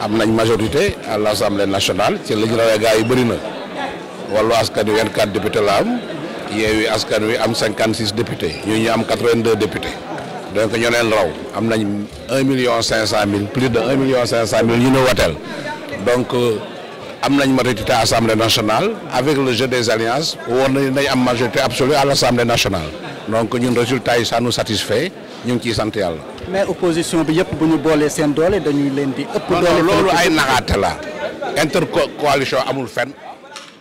am nañ majorité à l' assemblée nationale ci li ñu rawee gars yi bëri na wàllu askan wi 24 député la am yeewi askan wi am 56 députés ñu ñu am 82 députés donc ñoo leen raw am nañ un million cinq 500 mille plus de 1 million cinq mille ñu ne woteel donc euh, am nañ majorité à l' assemblée nationale avec le jeu des alliances war nañ am majorité absolue à l' assemblée nationale. donc ñun résultat yi ça nous satisfait ñu ngi sant yàlla. mais opposition bi yëpp bu ñu boolee seen doole dañuy leen di. ëpp doole loolu ay naxaate la. intercoalition amul fen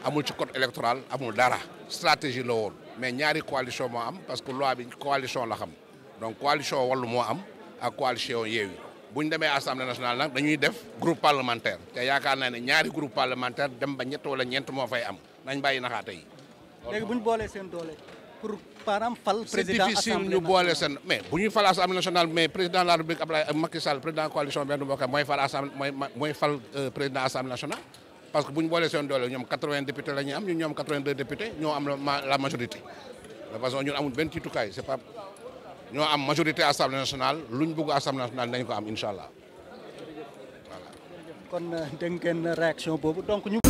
amul ci code électoral amul dara stratégie la woon mais ñaari coalition moo am parce que loi bi coalition la xam donc coalition wallu moo am ak coalition Yewwi bu ñu demee assemblée nationale nag dañuy def groupe parlementaire te yaakaar naa ne ñaari groupe parlementaire dem ba ñett wala ñeent moo fay am nañ bàyyi naxaate yi. pour param fal président c'est difficile ñu boole seen mais président de la euh, président coalition Benno Bokk mooy mooy fal euh, président assemblée nationale. parce que bu ñu boolee seen doole ñoom 80 députés la ñuy am ñun ñoom 82 députés ñoo am la majorité de façon ñun amul benn tiitukaay c'est pas ñoo am majorité assemblée nationale lu ñu bëgg assemblée nationale dañ ko am incha kon euh, dégg ngeen réaction boobu donc ñu.